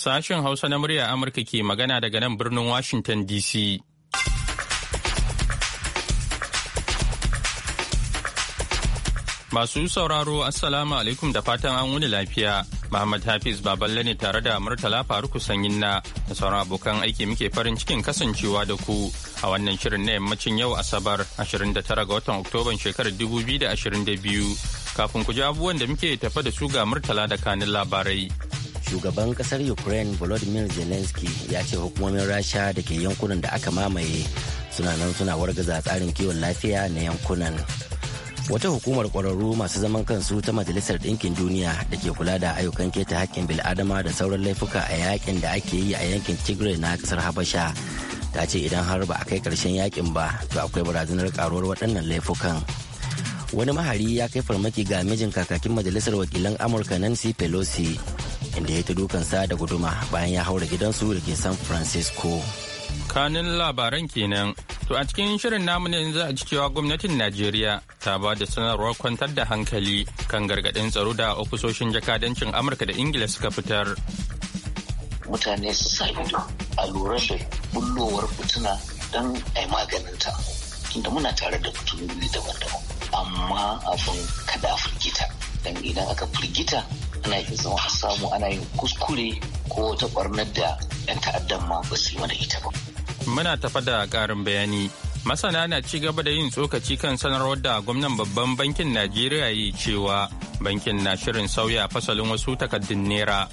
Sashen Hausa na murya Amurka ke magana daga nan birnin Washington DC. Masu sauraro Assalamu alaikum da fatan an wuni lafiya. Muhammad Hafiz Baballe ne tare da Murtala Faruku Sanyin na da sauran abokan aiki muke farin cikin kasancewa da ku a wannan shirin na yammacin yau Asabar 29 ga watan Oktoban shekarar 2022. Kafin ku ji abubuwan da muke tafa da su ga Murtala da kanin labarai. shugaban kasar ukraine volodymyr zelensky ya ce hukumomin rasha da ke yankunan da aka mamaye suna nan suna wargaza tsarin kiwon lafiya na yankunan wata hukumar kwararru masu zaman kansu ta majalisar ɗinkin duniya da ke kula da ayyukan keta haƙƙin bil'adama da sauran laifuka a yakin da ake yi a yankin tigray na kasar habasha ta ce idan har ba a kai karshen yakin ba to akwai barazanar karuwar waɗannan laifukan wani mahari ya kai farmaki ga mijin kakakin majalisar wakilan amurka nancy pelosi inda ya ta dukansa da guduma bayan ya haura gidansu da ke san francisco kanin labaran kenan to a cikin shirin namu ne yanzu a cewa gwamnatin najeriya ta ba da sanarwar kwantar da hankali kan gargaɗin tsaro da ofisoshin jakadancin amurka da ingila suka fitar mutane su sami a lura da bullowar fituna don a maganinta inda muna tare da fitunoni daban-daban amma abin kada firgita don idan aka firgita ana iya zama a samu ana yin kuskure ko wata ɓarnar da 'yan ta'addan ma ba su yi mana ita ba. Muna tafa da ƙarin bayani. Masana na ci gaba da yin tsokaci kan sanarwar da gwamnan babban bankin Najeriya yi cewa bankin na shirin sauya fasalin wasu takaddun naira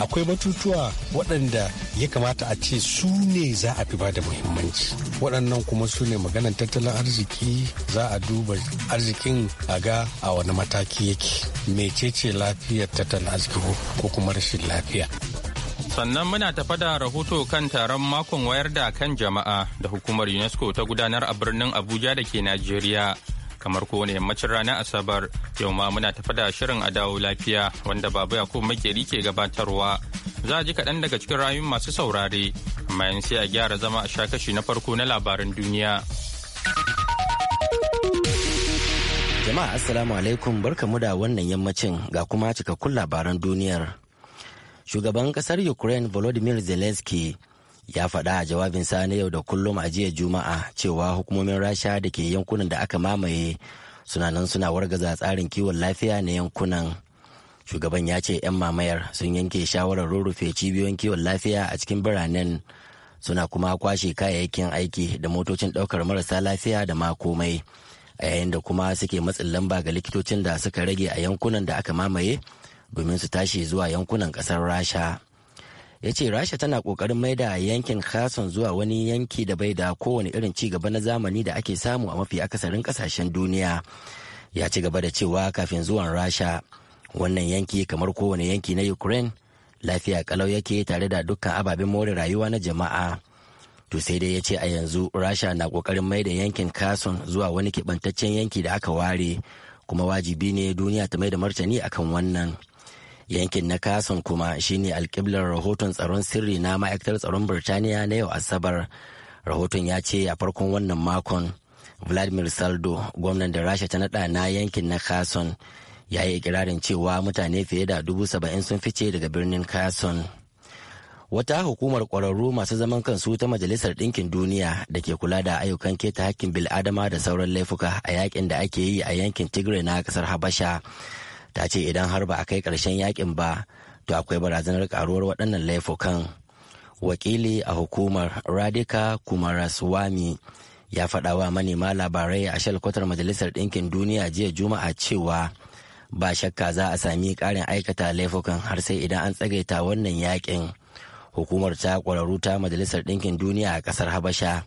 akwai batutuwa waɗanda ya kamata a ce su ne za a fi ba da muhimmanci waɗannan kuma su ne maganar tattalin arziki za a duba arzikin a ga a wani mataki yake mecece lafiyar tattalin arziki ko kuma rashin lafiya sannan muna tafa da rahoto kan taron makon wayar da kan jama'a da hukumar unesco ta gudanar a birnin abuja da ke najeriya kamar ko wani yammacin ranar asabar yau ma muna tafi da shirin a dawo lafiya wanda babu yakubu makeri ke gabatarwa za a ji kaɗan daga cikin rayun masu saurare amma yan sai a gyara zama a sha kashi na farko na labaran duniya jama'a assalamu alaikum barkamu da wannan yammacin ga kuma cikakkun labaran duniyar shugaban ƙasar ukraine volodymyr zelensky ya faɗa a jawabinsa na yau da kullum a jiya juma'a cewa hukumomin rasha da ke yankunan da aka mamaye suna nan suna wargaza tsarin kiwon lafiya na yankunan shugaban ya ce 'yan mamayar sun yanke shawarar rurrufe cibiyoyin kiwon lafiya a cikin biranen suna kuma kwashe kayayyakin aiki da motocin ɗaukar marasa lafiya da ma komai a yayin da kuma suke matsin lamba ga likitocin da suka rage a yankunan da aka mamaye domin su tashi zuwa yankunan ƙasar rasha ya ce rasha tana kokarin da yankin khason zuwa wani yanki da bai da kowane irin ci gaba na zamani da ake samu a mafi akasarin kasashen duniya ya ci gaba da cewa kafin zuwan rasha wannan yanki kamar kowane yanki na ukraine lafiya kalau yake tare da dukkan ababen more rayuwa na jama'a to sai dai ya ce a yanzu rasha na kokarin maida yankin kason zuwa wani kibantaccen yanki da aka ware kuma wajibi ne duniya ta mai da martani akan wannan yankin na kasan kuma shine alkiblar rahoton tsaron sirri na ma'aikatar tsaron birtaniya na yau asabar rahoton ya ce a farkon wannan makon vladimir saldo gwamnan da rasha ta nada na yankin na kason ya yi ikirarin cewa mutane fiye da dubu saba'in sun fice daga birnin kason wata hukumar kwararru masu zaman kansu ta majalisar ɗinkin duniya da ke kula da ayyukan keta hakkin bil'adama da sauran laifuka a yakin da ake yi a yankin tigray na kasar habasha ta ce idan har ba a kai ƙarshen yakin ba to akwai barazanar karuwar waɗannan laifukan wakili a hukumar radika kumaraswami ya faɗa wa manema labarai a shalkwatar majalisar ɗinkin duniya jiya juma'a cewa ba shakka za a sami ƙarin aikata laifukan har sai idan an tsagaita wannan yakin hukumar ta ƙwararru ta majalisar ɗinkin duniya a ƙasar habasha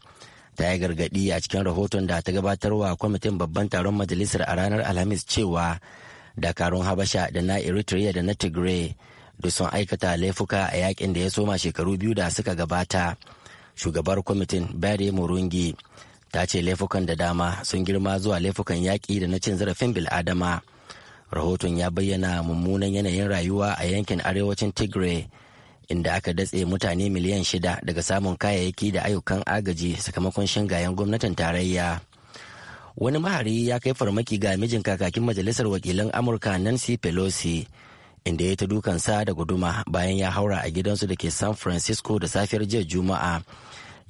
ta yi gargaɗi a cikin rahoton da ta gabatarwa kwamitin babban taron majalisar a ranar alhamis cewa dakarun habasha da na eritrea da na tigray duk sun aikata laifuka a yakin da ya soma shekaru biyu da suka gabata shugabar kwamitin bare murungi ta ce laifukan da dama sun girma zuwa laifukan yaƙi da na cin zarafin bil'adama rahoton ya bayyana mummunan yanayin rayuwa a yankin arewacin tigray inda aka datse mutane miliyan shida daga samun kayayyaki da ayyukan agaji sakamakon shingayen gwamnatin tarayya wani mahari ya kai farmaki ga mijin kakakin majalisar wakilan amurka nancy pelosi inda ya ta dukansa da guduma bayan ya haura a gidansu da ke san francisco da safiyar jiya juma'a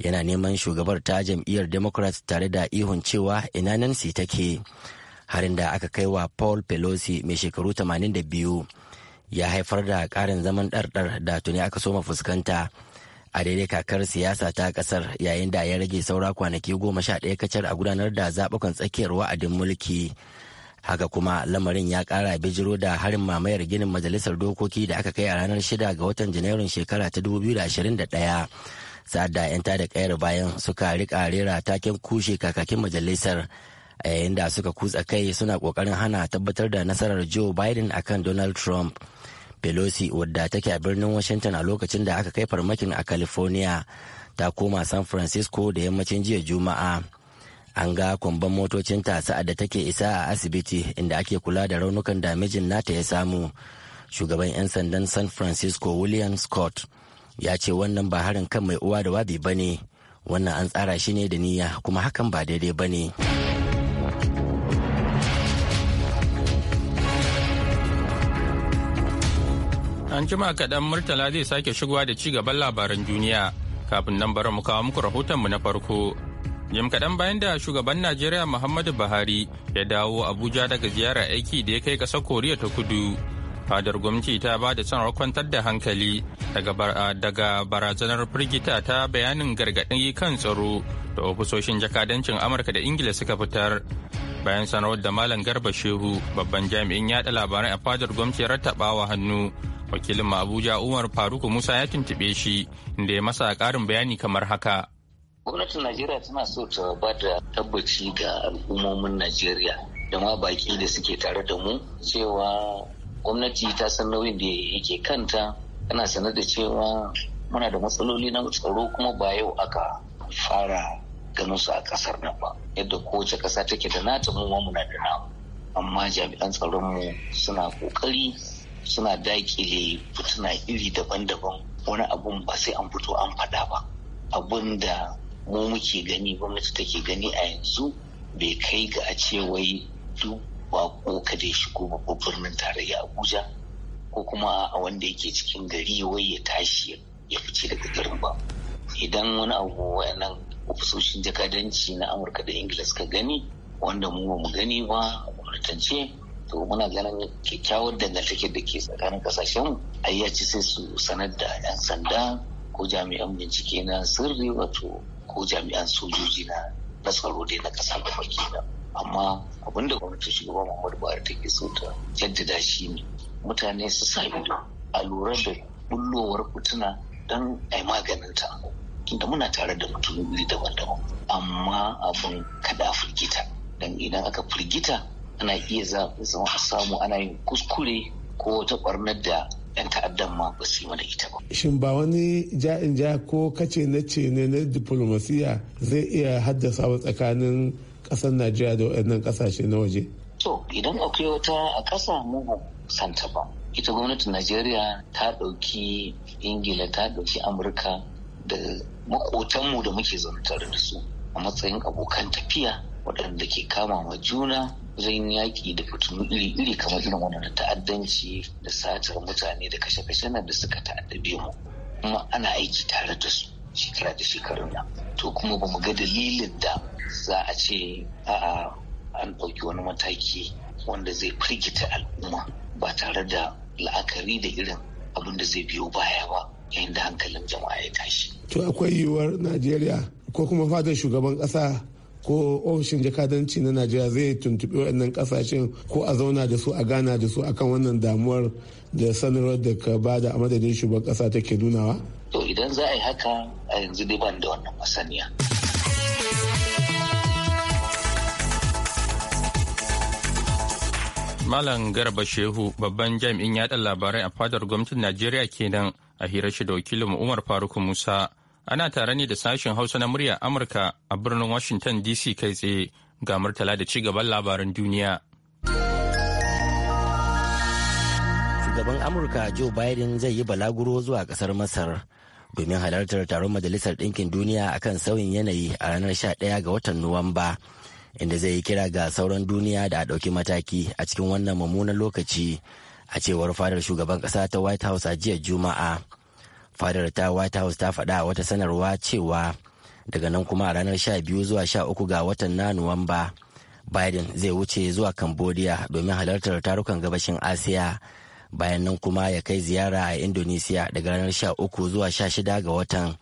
yana neman shugabar ta jam'iyyar democrat tare da ihun cewa ina nancy take harin da aka kai wa paul pelosi mai shekaru 82 ya haifar da karin zaman ɗarɗar da tuni aka soma fuskanta a daidai kakar siyasa ta kasar yayin da ya rage saura kwanaki goma sha ɗaya kacar a gudanar da zaɓukan tsakiyar wa'adin mulki haka kuma lamarin ya ƙara bijiro da harin mamayar ginin majalisar dokoki da aka kai a ranar shida ga watan janairun shekara ta 2021 sa'ad da 'yan tada kayar bayan suka rika rera taken kushe kakakin majalisar a yayin da suka kutsa kai suna kokarin hana tabbatar da nasarar joe biden akan donald trump pelosi wadda take a birnin washington a lokacin da aka kai farmakin a california ta koma san francisco da yammacin jiya juma'a an ga kwamban motocin ta sa'ad da take isa a asibiti inda ake kula da raunukan damijin nata ya samu shugaban 'yan sandan san francisco william scott ya ce wannan ba harin kan mai uwa da wabi ba ne wannan an tsara shi ne da niyya kuma hakan ba daidai ba ne. An jima kaɗan Murtala zai sake shigowa da ci gaban labaran duniya kafin nan bari mu kawo muku rahoton mu na farko. Jim kaɗan bayan da shugaban Najeriya Muhammadu Buhari ya dawo Abuja daga ziyara aiki da ya kai ƙasar Koriya ta kudu. Fadar gwamnati ta ba da sanarwar kwantar da hankali daga barazanar firgita ta bayanin gargaɗi kan tsaro da ofisoshin jakadancin Amurka da Ingila suka fitar. Bayan sanarwar da Malam Garba Shehu babban jami'in yaɗa labaran a fadar gwamnati rattaɓawa hannu wakilin abuja umar faruku musa ya tuntube shi da ya masa ƙarin bayani kamar haka gwamnatin najeriya tana so ta ba da tabbaci ga al'ummomin najeriya da ma baki da suke tare da mu cewa gwamnati ta san nauyin da yake kanta tana sanar da cewa muna da matsaloli na tsaro kuma ba yau aka fara ganin su a kasar nan ba yadda kowace kasa take da nata mu muna da namu amma jami'an tsaron mu suna kokari suna dakile fituna iri daban-daban wani abun ba sai an fito an faɗa ba abun da mu muke gani gwamnati take gani a yanzu bai kai ga a ce wai duk bako kada ya shigo babban birnin tarayya abuja ko kuma a wanda yake cikin gari wai ya tashi ya fice daga garin ba idan wani abu wayannan ofisoshin jakadanci na amurka da ingila suka gani wanda mu ba mu gani ba gwamnatance to muna ganin kyakkyawar dangantake da ke tsakanin kasashen ayyaci sai su sanar da 'yan sanda ko jami'an bincike na sirri wato ko jami'an sojoji na tsaro dai na kasa da baki amma abin da gwamnati shugaba muhammadu buhari take so ta jaddada shi ne mutane su sa ido a lura da bullowar kutuna don a yi maganin ta tunda muna tare da mutum daban-daban amma abin kada firgita don idan aka firgita ana iya zama a samu ana yin kuskure ko wata ɓarnar da 'yan ta'addan ma ba su yi mana ita ba. Shin ba wani ja'in ja ko kace na ce ne na diplomasiya zai iya haddasa wa tsakanin ƙasar Najeriya da waɗannan ƙasashe na waje? To idan akwai wata a ƙasa mu ba santa ba. Ita gwamnatin Najeriya ta ɗauki Ingila ta ɗauki Amurka da maƙotanmu da muke zaune da su a matsayin abokan tafiya waɗanda ke kama wa juna zan yaƙi da fitinu iri-iri kamar irin wannan ta'addanci da satar mutane da kashe-kashe nan da suka ta'addabe mu kuma ana aiki tare da su shekara da shekarun nan to kuma ba mu ga dalilin da za a ce a'a an ɗauki wani mataki wanda zai firgita al'umma ba tare da la'akari da irin abin da zai biyo baya ba yayin da hankalin jama'a ya tashi. To akwai yiwuwar Najeriya ko kuma fatan shugaban ƙasa ko ofishin jakadanci na najeriya zai tuntuɓi waɗannan ƙasashen ko a zauna da su a gana da su akan wannan damuwar da sanarwar da ka bada a madadin shugaban ƙasa take nunawa to idan za a yi haka a yanzu dai ban da wannan masaniya Malam Garba Shehu babban jami'in yaɗa labarai a fadar gwamnatin Najeriya kenan a hirar shi da wakilin Umar Faruk Musa Ana tare ne da sashen Hausa na murya Amurka a birnin Washington DC kai tsaye ga murtala da cigaban labaran duniya. Shugaban Amurka Joe Biden zai yi balaguro zuwa kasar Masar domin halartar taron Majalisar Ɗinkin Duniya akan sauyin yanayi a ranar 11 ga watan Nuwamba. inda zai yi kira ga sauran duniya da a ɗauki mataki a cikin wannan mummunan lokaci a cewar fadar shugaban ƙasa ta white house a jiya juma'a fadar ta white house ta faɗa wata sanarwa cewa daga nan kuma a ranar 12 zuwa 13 ga watan na nuwamba biden zai wuce zuwa cambodia domin halartar tarukan gabashin asiya bayan nan kuma ya kai ziyara a indonesia daga ranar 13 zuwa 16 ga watan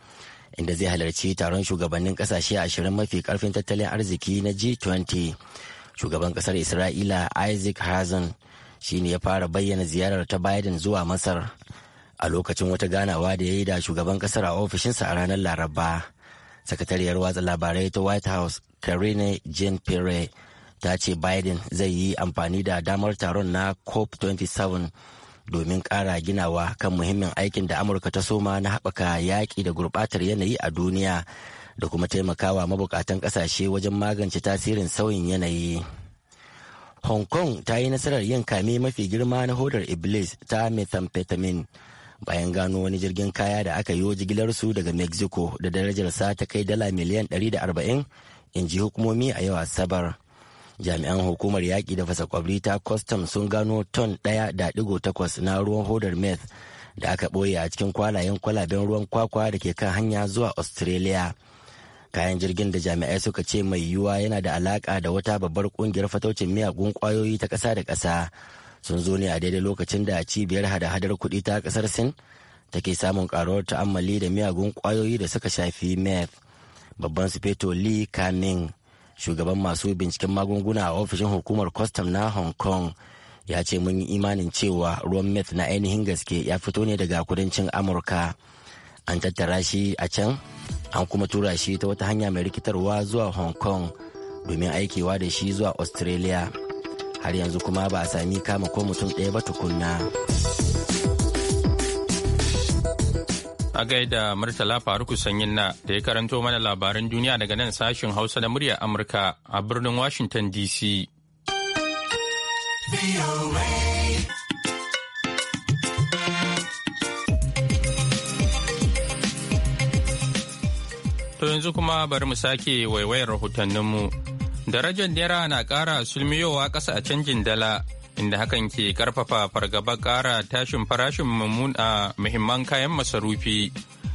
inda zai halarci taron shugabannin kasashe 20 mafi karfin tattalin arziki na g20 shugaban kasar isra'ila isaac hazan shine ya fara bayyana ziyarar ta biden zuwa masar a lokacin wata ganawa da ya yi da shugaban kasar a ofishinsa a ranar laraba sakatariyar watsa labarai ta white house karine jean pierre ta ce biden zai yi amfani da damar taron na cop 27 domin ƙara ginawa kan muhimmin aikin da amurka ta soma na haɓaka yaƙi da gurɓatar yanayi a duniya da kuma taimakawa mabukatan ƙasashe wajen magance tasirin sauyin yanayi hong kong ta yi nasarar yin kame mafi girma na hodar iblis ta methamphetamine bayan gano wani jirgin kaya da aka yi jigilarsu daga mexico da darajar sa ta kai dala miliyan 140 in ji hukumomi a yau asabar jami'an hukumar yaƙi da fasa kwabri ta custom sun gano ton 1.8 na ruwan hodar meth da aka ɓoye a cikin kwalayen kwalaben ruwan kwakwa da ke kan hanya zuwa australia kayan jirgin da jami'ai suka ce mai yiwuwa yana da alaƙa da wata babbar ƙungiyar fataucin miyagun ƙwayoyi ta ƙasa da ƙasa sun zo ne a daidai lokacin da cibiyar hada-hadar kuɗi ta ƙasar sin take samun karuwar ta'ammali da miyagun kwayoyi da suka shafi meth babban sufeto lee kaning shugaban masu binciken magunguna a ofishin hukumar kwastam na hong kong ya ce mun yi imanin cewa ruwan meth na ainihin gaske ya fito ne daga kudancin amurka an tattara shi a can an kuma tura shi ta wata hanya mai rikitarwa zuwa hong kong domin aikewa da shi zuwa australia har yanzu kuma ba a sami kama ko mutum ɗaya ba tukunna. A gaida Murtala Faruku Sanyin na da ya karanto mana labaran duniya daga nan sashen Hausa da muryar Amurka a birnin Washington DC. To yanzu kuma bari mu sake waiwayar rahotanninmu. Darajar Naira na ƙara sulmiyowa ƙasa a canjin dala, inda hakan ke ƙarfafa fargaba ƙara tashin farashin a muhimman kayan masarufi.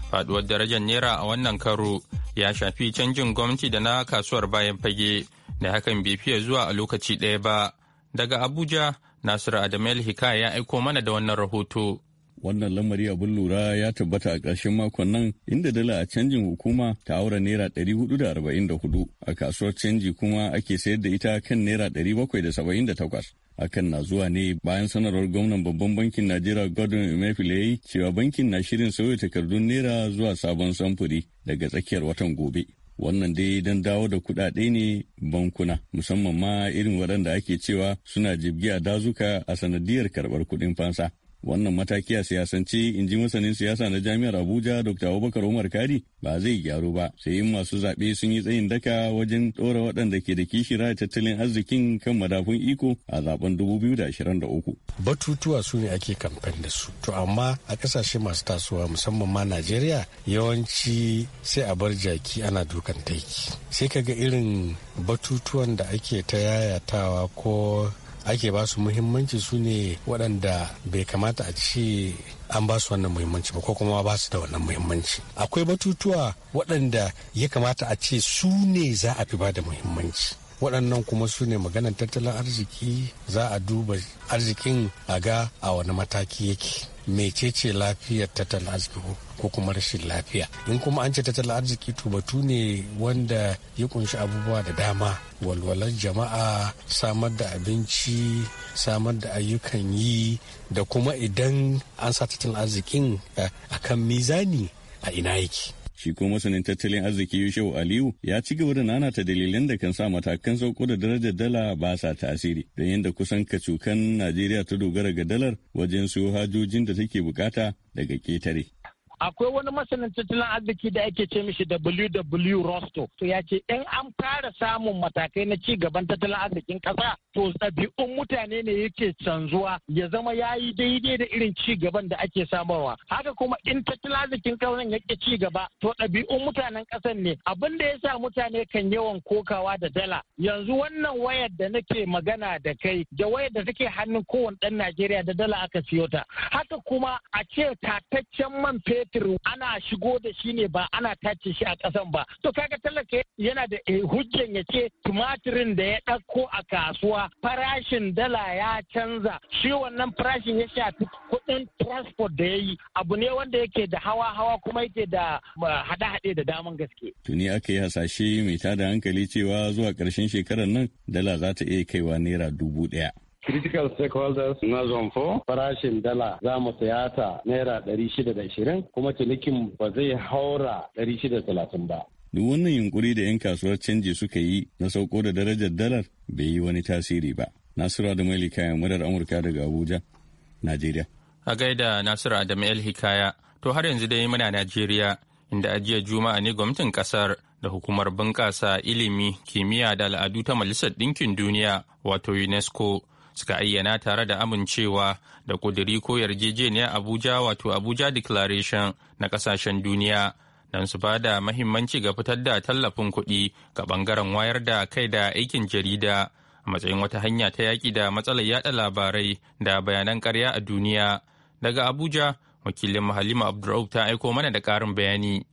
Faduwar darajar Naira a wannan karo ya shafi canjin gwamnati da na kasuwar bayan fage, da hakan bai fiye zuwa a lokaci ɗaya ba. Daga Abuja, Nasiru Adamu Hikaya ya aiko mana da wannan rahoto. Wannan lamari abin lura ya tabbata a ƙarshen makon nan inda dala a canjin hukuma ta aura naira 444 a kasuwar canji kuma ake sayar da ita kan naira 778. Hakan na zuwa ne bayan sanarwar gwamnan babban bankin Najeriya Gordon Emefiele cewa bankin na shirin sauya takardun naira zuwa sabon samfuri daga tsakiyar watan gobe. wannan dai don dawo da kuɗaɗe ne bankuna musamman ma irin waɗanda ake cewa suna jibgi a dazuka a sanadiyar karɓar kuɗin fansa wannan mataki a siyasance in ji masanin siyasa na jami'ar abuja dr abubakar umar kari ba zai gyaru ba sai in masu zaɓe sun yi tsayin daka wajen ɗora waɗanda ke da kishira tattalin arzikin kan madafun iko a zaben 2023 batutuwa su ne ake kamfen da su to amma a ƙasashe masu tasowa musamman ma najeriya yawanci sai a bar jaki ana dukan taiki sai kaga irin batutuwan da ake ta yayatawa ko ake ba su muhimmanci su ne waɗanda bai kamata a ce an ba su wannan muhimmanci ba ko kuma ba su da wannan muhimmanci akwai batutuwa waɗanda ya kamata a ce su ne za a fi ba da muhimmanci waɗannan kuma su ne maganar tattalin arziki za a duba arzikin a ga a wani mataki yake mecece lafiyar tattalin arziki ko kuma rashin lafiya in kuma an ce tattalin arziki to batu ne wanda ya kunshi abubuwa da dama walwalar jama'a samar da abinci samar da ayyukan yi da kuma idan an sa tattalin arzikin eh, a kan mizani a ina yake Shi ko masanin tattalin arziki Yushewu Aliyu ya ci gaba da nanata dalilan da kan sa matakan sauko da darajar dala ba sa tasiri. Don yadda kusan kacukan Najeriya ta dogara ga dalar wajen siyo hajojin da take bukata daga ketare. akwai wani masanin tattalin arziki da ake ce mishi WW Rosto to ya ce in an fara samun matakai na ci gaban tattalin arzikin kasa to ɗabi'un mutane ne yake canzuwa ya zama ya yi daidai da irin ci gaban da ake samarwa haka kuma in tattalin arzikin ƙasar yake ci gaba to ɗabi'un mutanen ƙasar ne abin da ya sa mutane kan yawan kokawa da dala yanzu wannan wayar da nake magana da kai da wayar da take hannun kowane ɗan Najeriya da dala aka siyo ta haka kuma a ce tataccen man fetur fetur ana shigo da shi ne ba ana tace shi a ƙasan ba to kaga talaka yana da eh, hujjan ya ce tumatirin da ya ɗauko a kasuwa farashin dala ya canza shi wannan farashin ya shafi kuɗin transport da ya yi abu ne wanda yake da hawa-hawa kuma yake da haɗe-haɗe da daman gaske. Tuni aka yi hasashe mai tada hankali cewa zuwa karshen shekarar nan dala za ta iya kaiwa naira dubu ɗaya. critical stakeholders na zonfo farashin dala za mu saya ta naira 620 kuma cinikin ba zai haura 630 ba. Duk wannan yunkuri da 'yan kasuwar canji suka yi na sauko da darajar dalar bai yi wani tasiri ba. Nasiru Adamu Hikaya murar Amurka daga Abuja, Najeriya. A gaida Nasiru Adamu yal Hikaya, to har yanzu dai muna Najeriya, inda a jiya Juma'a ne gwamnatin kasar da hukumar bunƙasa ilimi, kimiyya da al'adu ta Majalisar Ɗinkin Duniya, wato UNESCO, suka ayyana tare da amincewa da ƙudiri ko yarjejeniya abuja wato abuja declaration na ƙasashen duniya don su ba da mahimmanci ga fitar da tallafin kuɗi ga ɓangaren wayar da kai da aikin jarida a matsayin wata hanya ta yaƙi da matsalar yaɗa labarai da bayanan ƙarya a duniya daga abuja wakilin mahalima abdurraub ta aiko mana da ƙarin bayani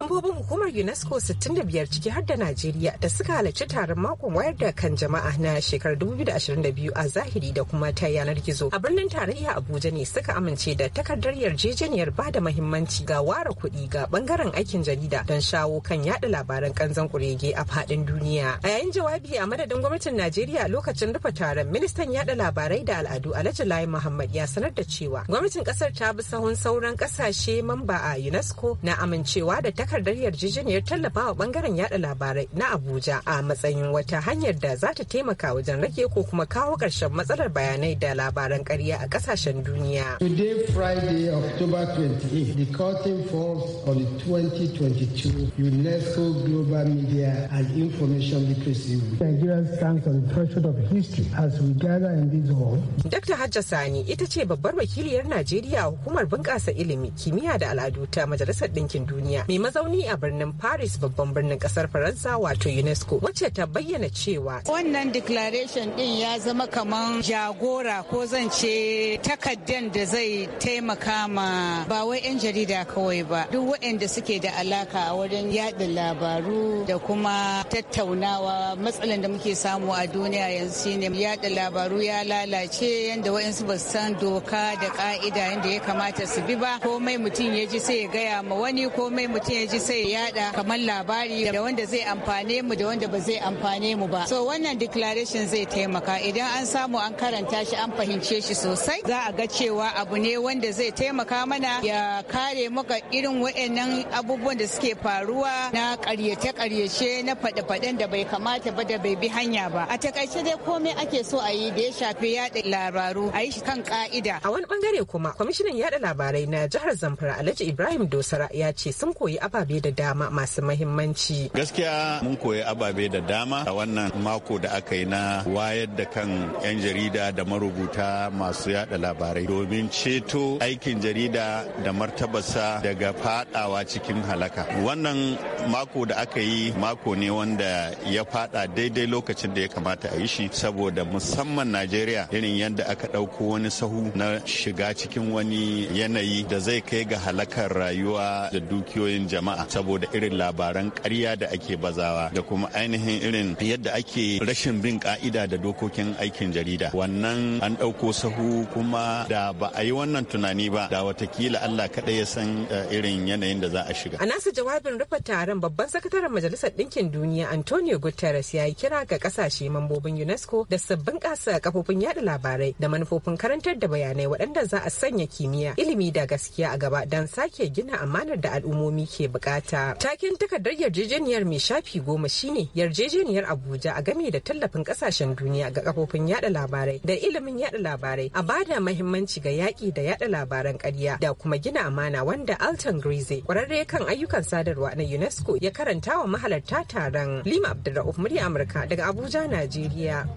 Mambobin hukumar UNESCO 65 ciki har da Najeriya da suka halarci taron makon wayar da kan jama'a na shekarar 2022 a zahiri da kuma ta yanar gizo. A birnin tarayya Abuja ne suka amince da takardar yarjejeniyar ba da mahimmanci ga ware kuɗi ga bangaren aikin jarida don shawo kan yada labaran kanzan kurege a fadin duniya. A yayin jawabi a madadin gwamnatin Najeriya lokacin rufe taron ministan yada labarai da al'adu Alhaji Lai Muhammad ya sanar da cewa gwamnatin kasar ta bi sahun sauran kasashe mamba a UNESCO na amincewa da takardar yarjejeniyar tallafawa bangaren yada labarai na Abuja a matsayin wata hanyar da za ta taimaka wajen rage ko kuma kawo ƙarshen matsalar bayanai da labaran ƙarya a ƙasashen duniya. Today Friday October 28 the curtain falls on the 2022 UNESCO Global Media and Information Literacy Week. Nigeria stands on the threshold of history as we gather in this hall. Dr. Hajja Sani ita ce babbar wakiliyar Najeriya hukumar bunƙasa ilimi, kimiyya da al'adu ta Majalisar Ɗinkin Duniya. Mai mazauni a birnin Paris babban birnin kasar Faransa wato UNESCO wacce ta bayyana cewa wannan declaration din ya zama kaman jagora ko zan ce takaddan da zai taimaka ma ba wai 'yan jarida kawai ba duk waɗanda suke da alaka a wajen yaɗa labaru da kuma tattaunawa matsalan da muke samu a duniya yanzu shine yaɗa labaru ya lalace yadda waɗansu ba san doka da ka'ida yadda ya kamata su bi ba komai mutum ya ji sai ya gaya ma wani komai mutum ya ji sai yada kamar labari da wanda zai amfane mu da wanda ba zai amfane mu ba. So wannan declaration zai taimaka idan an samu an karanta shi an fahimce shi sosai za a ga cewa abu ne wanda zai taimaka mana ya kare muka irin waɗannan abubuwan da suke faruwa na karyace-karyace na faɗe-faɗen da bai kamata ba da bai bi hanya ba. A takaice dai komai ake so a yi da ya shafi yada labaru a yi shi kan ka'ida. A wani bangare kuma kwamishinan yada labarai na jihar Zamfara Alhaji Ibrahim Dosara ya ce sun koyi ababe da dama masu mahimmanci. Gaskiya mun koyi ababe da dama a wannan mako da aka yi na wayar da kan 'yan jarida da marubuta masu yada labarai domin ceto aikin jarida da martabarsa daga fadawa cikin halaka. Wannan mako da aka yi mako ne wanda ya fada daidai lokacin da ya kamata a yi shi saboda musamman Najeriya irin yadda aka ɗauko wani sahu na shiga cikin wani yanayi da zai kai ga halakar rayuwa da dukiyoyin jama'a. jama'a saboda irin labaran ƙarya da ake bazawa da kuma ainihin irin yadda ake rashin bin ka'ida da dokokin aikin jarida wannan an ɗauko sahu kuma da ba a yi wannan tunani ba da watakila Allah kaɗai ya san eh, irin yanayin da za a shiga. A nasu jawabin rufe taron babban sakataren majalisar ɗinkin duniya Antonio Guterres ya yi kira ga ƙasashe mambobin UNESCO da sabbin ƙasa kafofin yaɗa labarai da manufofin karantar da bayanai waɗanda za a sanya kimiyya ilimi da gaskiya a gaba don sake gina amanar da al'ummomi ke ba. bukata. Taken takardar yarjejeniyar mai shafi goma shine yarjejeniyar Abuja a game da tallafin kasashen duniya ga kafofin yada labarai da ilimin yada labarai a bada mahimmanci ga yaki da yada labaran ƙarya da kuma gina amana wanda Alton Grise kwararre kan ayyukan sadarwa na UNESCO ya karanta wa mahalarta taron Lima Abdulrauf murya Amurka daga Abuja, Najeriya.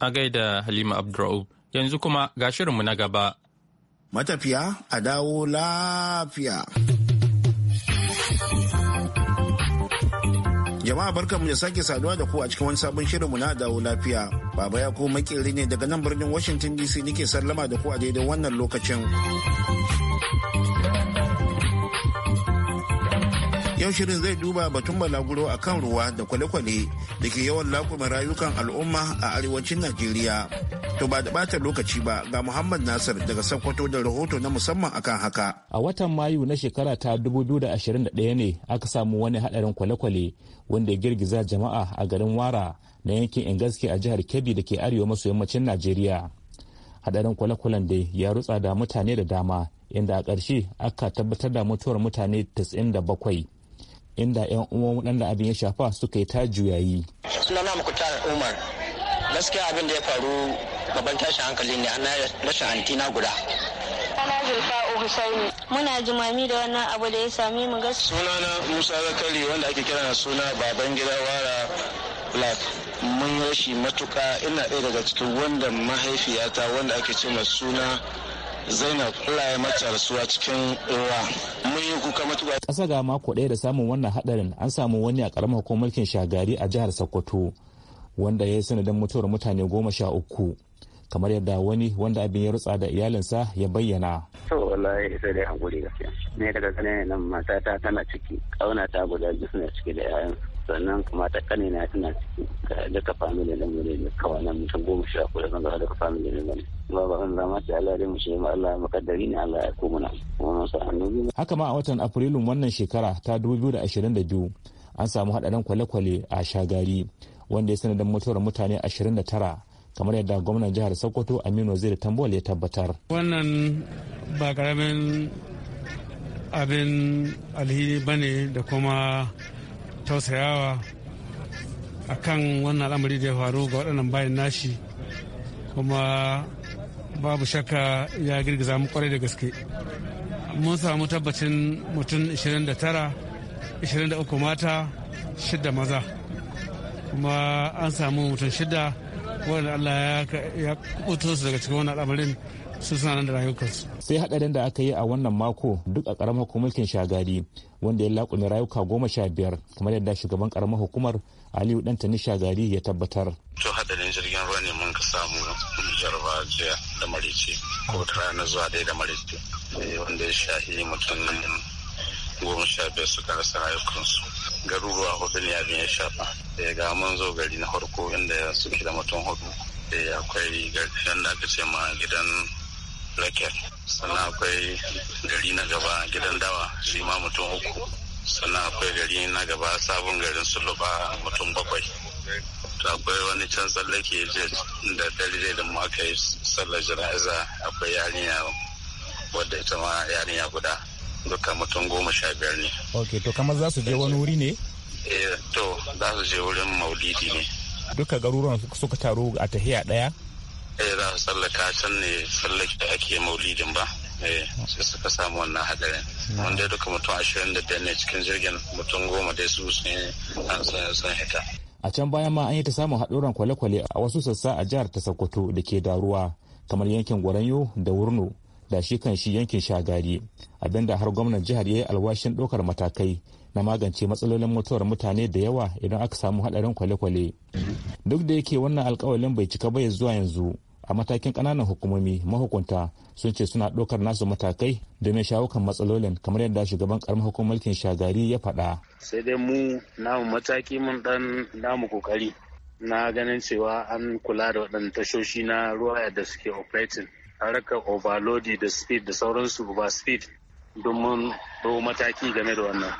A gaida Halima Abdulrauf yanzu kuma ga shirinmu na gaba. Matafiya a dawo lafiya. Jama'a barkan mu da sake saduwa da ku a cikin wani sabon shirinmu na dawo lafiya. Baba ya kuma makeri ne daga nan birnin Washington DC nake sallama da ku a daidai wannan lokacin. yau shirin zai duba batun balaguro a kan ruwa da kwale-kwale da ke yawan lakumin rayukan al'umma a arewacin najeriya to ba da bata lokaci ba ga muhammad nasir daga sokoto da rahoto na musamman akan haka a watan mayu na shekara ta 2021 ne aka samu wani haɗarin kwale-kwale wanda ya girgiza jama'a a garin wara na yankin ingaske a jihar kebbi da ke arewa maso yammacin najeriya hadarin kwale-kwalen dai ya rutsa da mutane da dama inda a ƙarshe aka tabbatar da mutuwar mutane 97 inda 'yan uwan waɗanda abin ya shafa suka yi ta juyayi. sunana ta umar gaskiya abin da ya faru babban tashin hankali ne ana rashin antina guda sunana muna jimami da wannan abu da ya sami mu gas sunana musa zakari wanda ake kira suna baban gida wara black mun rashi matuka ina ɗaya daga cikin wanda mahaifiyata wanda ake ce suna zainab allah ya mace rasuwa cikin ruwa mun yi kuka matuƙa ƙasa ga mako ɗaya da samun wannan haɗarin an samu wani a ƙaramar hukumar mulkin shagari a jihar sokoto wanda ya yi sanadin mutuwar mutane goma sha uku kamar yadda wani wanda abin ya rutsa da iyalinsa ya bayyana. To wallahi sai dai hankuri gaskiya. Ne daga ganin nan matata tana ciki, ƙaunata ta guda biyu suna ciki da yayan. sannan kuma ta kane na tana cikin daga family na mu ne kawai nan mutum goma sha ko da zanga daga family na mu ne ba ba an zama ce Allah dai mu ma Allah makaddari ne Allah ya koma na mu sa annabi haka ma a watan afrilun wannan shekara ta 2022 an samu hadarin kwale-kwale a shagari wanda ya sanadin mutuwar mutane 29 kamar yadda gwamnan jihar sokoto aminu zai da tambol ya tabbatar wannan ba karamin abin alhini ba ne da kuma tausayawa a kan wannan al'amari da ya faru ga waɗannan bayan nashi kuma babu shakka ya girgiza mu kwarai da gaske mun samu tabbacin mutum 29 23 mata shida maza kuma an samu mutum shida wanda allah ya kubuto su daga cikin wannan al'amarin su suna da rayukansu. sai hadarin da aka yi a wannan mako duk a karamar hukumar shagari wanda ya lakume rayuka goma sha biyar kamar yadda shugaban karamar hukumar aliyu tani shagari ya tabbatar. to hadarin jirgin ruwa ne mun ka samu jarba jiya da marice ko ta rana zuwa dai da marice eh, wanda ya shahi mutum goma sha biyar suka rasa rayukansu garuruwa hudu ne abin ya shafa da eh, ga mun zo gari na farko inda suke da mutum hudu eh, akwai garin da aka ce ma gidan raket sannan akwai gari na gaba gidan dawa shi ma mutum uku sannan akwai gari na gaba sabon garin suluba mutum bakwai akwai wani can tsallake da dalilai da mu aka yi tsallar jana'iza akwai yarinya wadda ita ma yarinya guda duka mutum goma sha biyar ne ok to kamar za su je wani wuri ne eh to za su je wurin maulidi ne duka garuruwan suka taru a tahiya daya eh za su tsallaka can ne da ake maulidin ba eh, sai suka samu wannan hadarin wanda duka mutum ashirin da biyar ne cikin jirgin mutum goma dai su sun hita a can bayan ma an yi ta samun haɗuran kwale-kwale a wasu sassa a jihar ta sokoto da ke da ruwa kamar yankin gwaranyo da wurno da shi kan shi yankin shagari abinda har gwamnan jihar ya yi alwashin ɗaukar matakai na magance matsalolin mutuwar mutane da yawa idan aka samu haɗarin kwale-kwale duk da yake wannan alkawalin bai cika ba zuwa yanzu a matakin kananan hukumomi mahukunta sun ce suna ɗaukar nasu matakai domin shawukan matsalolin kamar yadda shugaban karamar hukumar mulkin shagari ya faɗa. sai dai mu namu mataki mun ɗan namu kokari na ganin cewa an kula da waɗannan tashoshi na ruwa da suke operating harkar overloading da speed da sauransu ba speed domin mataki game da wannan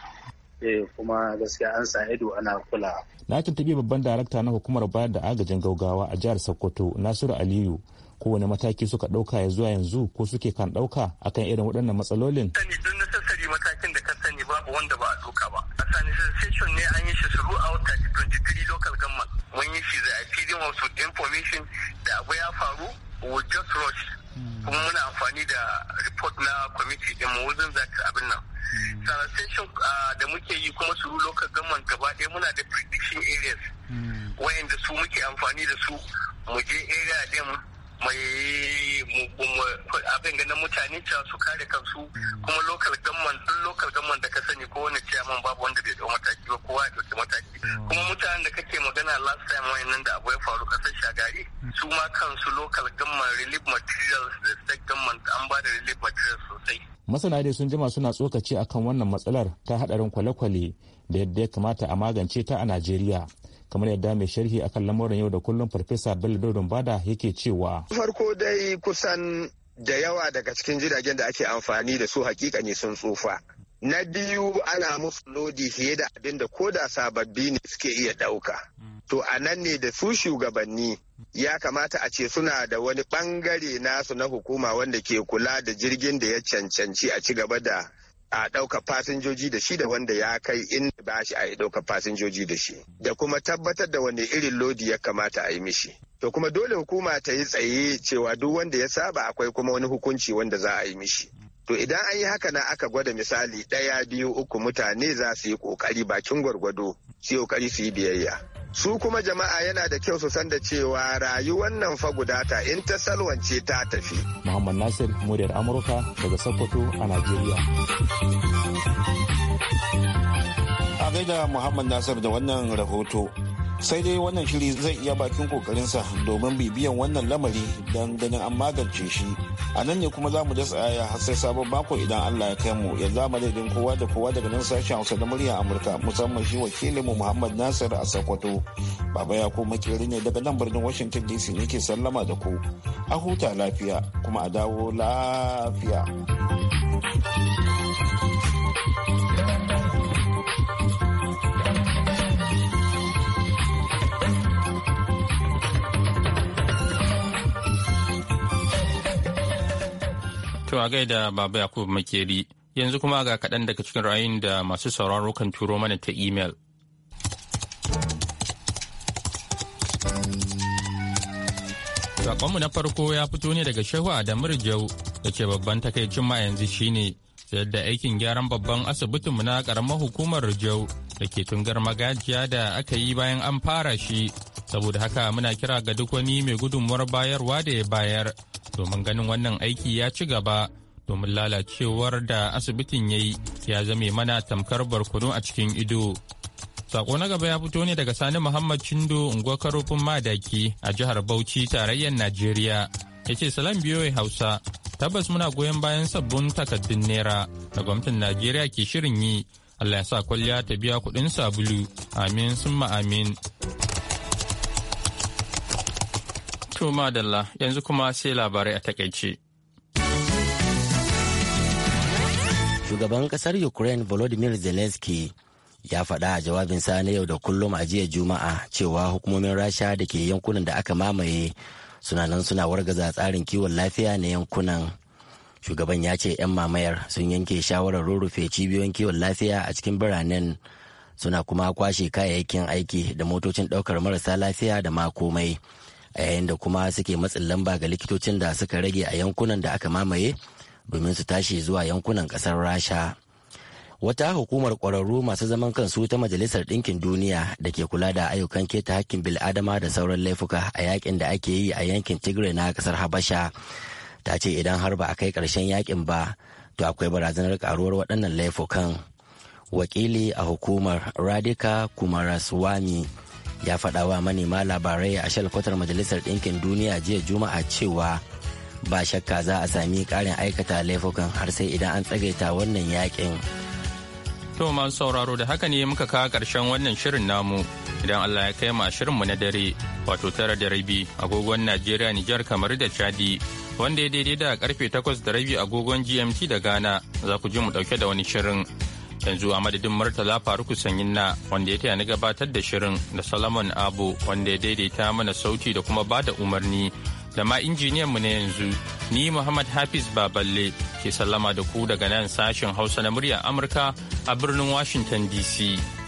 Eh, kuma gaskiya an sa ido ana kula. Na tuntubi babban darakta na hukumar bayar da agajin gaugawa a jihar Sokoto Nasiru Aliyu kowane mataki suka ɗauka ya zuwa yanzu ko suke kan ɗauka akan irin waɗannan matsalolin. Sani duk nasassari matakin da ka sani babu wanda ba a ɗauka ba. A sanitation ne an yi shi wata 2023 local government. Mun yi shi a feeding of information da abu ya faru we just rush. Hmm. Kuma muna amfani da report na committee ɗin mu wajen zaka abin nan. transaction uh, da muke yi kuma su ka government gaba ɗaya muna da prediction areas hmm. wayanda su muke amfani da su mu je area din mai abin ganin mutane cewa su kare kansu hmm. kuma local government duk local government da ka sani ko wani chairman babu wanda bai dau mataki ba kowa ya dauki mataki hmm. kuma mutanen da kake magana last time nan da abu ya faru kasar shagari su ma kansu local government relief materials da state government an ba da relief materials sosai masana dai sun jima suna tsokaci akan wannan matsalar ta hadarin kwale-kwale da yadda ya kamata a magance ta a najeriya kamar yadda mai sharhi akan lamuran yau da kullum farfesa bello dodon bada yake cewa farko dai kusan da yawa daga cikin jiragen da ake amfani da su hakika ne sun tsufa na biyu ana musu lodi fiye da abin da koda sababbi ne suke iya dauka mm. to a nan ne da su shugabanni ya kamata a ce suna da wani bangare nasu na hukuma wanda ke kula da jirgin da ya cancanci a ci gaba da a ɗaukar fasinjoji da shi da wanda ya kai in ba shi a ɗaukar fasinjoji da shi da kuma tabbatar da wani irin lodi ya kamata a yi mishi to kuma dole hukuma ta yi tsaye cewa duk wanda ya saba akwai kuma wani hukunci wanda za a yi mishi To idan an yi haka na aka gwada misali ɗaya biyu uku mutane za su yi ƙoƙari bakin gwargwado su yi ƙoƙari su yi biyayya. Su kuma jama'a yana da kyau su san da cewa rayuwar nan fa gudata in ta salwance ta tafi. Muhammad Nasir muryar Amurka daga Sokoto a Najeriya. A gaida Muhammad Nasir da wannan rahoto. sai dai wannan shiri zai iya bakin kokarinsa domin bibiyan wannan lamari don ganin an magance shi a nan ne kuma za mu dasa aya har sai sabon mako idan allah ya kai mu yanzu a madadin kowa da kowa daga nan sashen hausa na murya amurka musamman shi wakilinmu muhammad nasir a sokoto baba ya ko makeri ne daga nan birnin washington dc ne ke sallama da ku a huta lafiya kuma a dawo lafiya To a gaida Baba Yakubu Makeri yanzu kuma ga kaɗan daga cikin ra'ayin da masu sauraro kan turo mana ta imel. Sakonmu na farko ya fito ne daga Shehu Adamu Rijau da ce babban takaicin ma yanzu shine sayar da aikin gyaran babban asibitinmu na ƙaramar hukumar Rijau da ke tungar magajiya da aka yi bayan an fara shi. Saboda haka muna kira ga duk wani mai gudunmuwar bayarwa da ya bayar domin ganin wannan aiki ya ci gaba domin lalacewar da asibitin ya yi ya zame mana tamkar barkono a cikin ido. Sako na gaba ya fito ne daga Sani Muhammad Chindo unguwar karofin madaki a jihar Bauchi tarayyar Najeriya. Ya ce salam biyoyi Hausa, tabbas muna goyon bayan sabbin takardun naira da gwamnatin Najeriya ke shirin yi. Allah ya sa kwalliya ta biya kuɗin sabulu. Amin sun amin. To madalla yanzu kuma sai labarai a takaice. Shugaban kasar Ukraine Volodymyr Zelensky ya faɗa a jawabinsa na yau da kullum a jiya Juma'a cewa hukumomin Rasha da ke yankunan da aka mamaye suna nan suna wargaza tsarin kiwon lafiya na yankunan. Shugaban ya ce 'yan mamayar sun yanke shawarar rurrufe cibiyoyin kiwon lafiya a cikin biranen suna kuma kwashe kayayyakin aiki da motocin ɗaukar marasa lafiya da ma komai. a yayin da kuma suke matsin lamba ga likitocin da suka rage a yankunan da aka mamaye domin su tashi zuwa yankunan kasar rasha wata hukumar ƙwararru masu zaman kansu ta majalisar ɗinkin duniya da ke kula da ayyukan keta hakkin bil'adama da sauran laifuka a yakin da ake yi a yankin tigray na kasar habasha ta ce idan har ba a kai ƙarshen yakin ba to akwai barazanar karuwar waɗannan laifukan wakili a hukumar radika kumaraswamy ya faɗa wa manema labarai a shalkwatar majalisar ɗinkin duniya jiya juma'a cewa ba shakka za a sami ƙarin aikata laifukan har sai idan an tsagaita wannan yakin. To masu sauraro da haka ne muka kawo ƙarshen wannan shirin namu idan Allah ya kai mu a shirinmu na dare wato tara da rabi agogon Najeriya Nijar kamar da Chadi wanda ya daidai da karfe takwas da rabi agogon GMT da Ghana za ku ji mu ɗauke da wani shirin. yanzu a madadin Murtala Faruku Sanyin na wanda ya taya ni gabatar da shirin da Solomon Abu wanda ya daidaita mana sauti da kuma bada umarni da ma injiniyan mu na yanzu ni Muhammad Hafiz Baballe ke sallama da ku daga nan sashen Hausa na muryar Amurka a birnin Washington DC.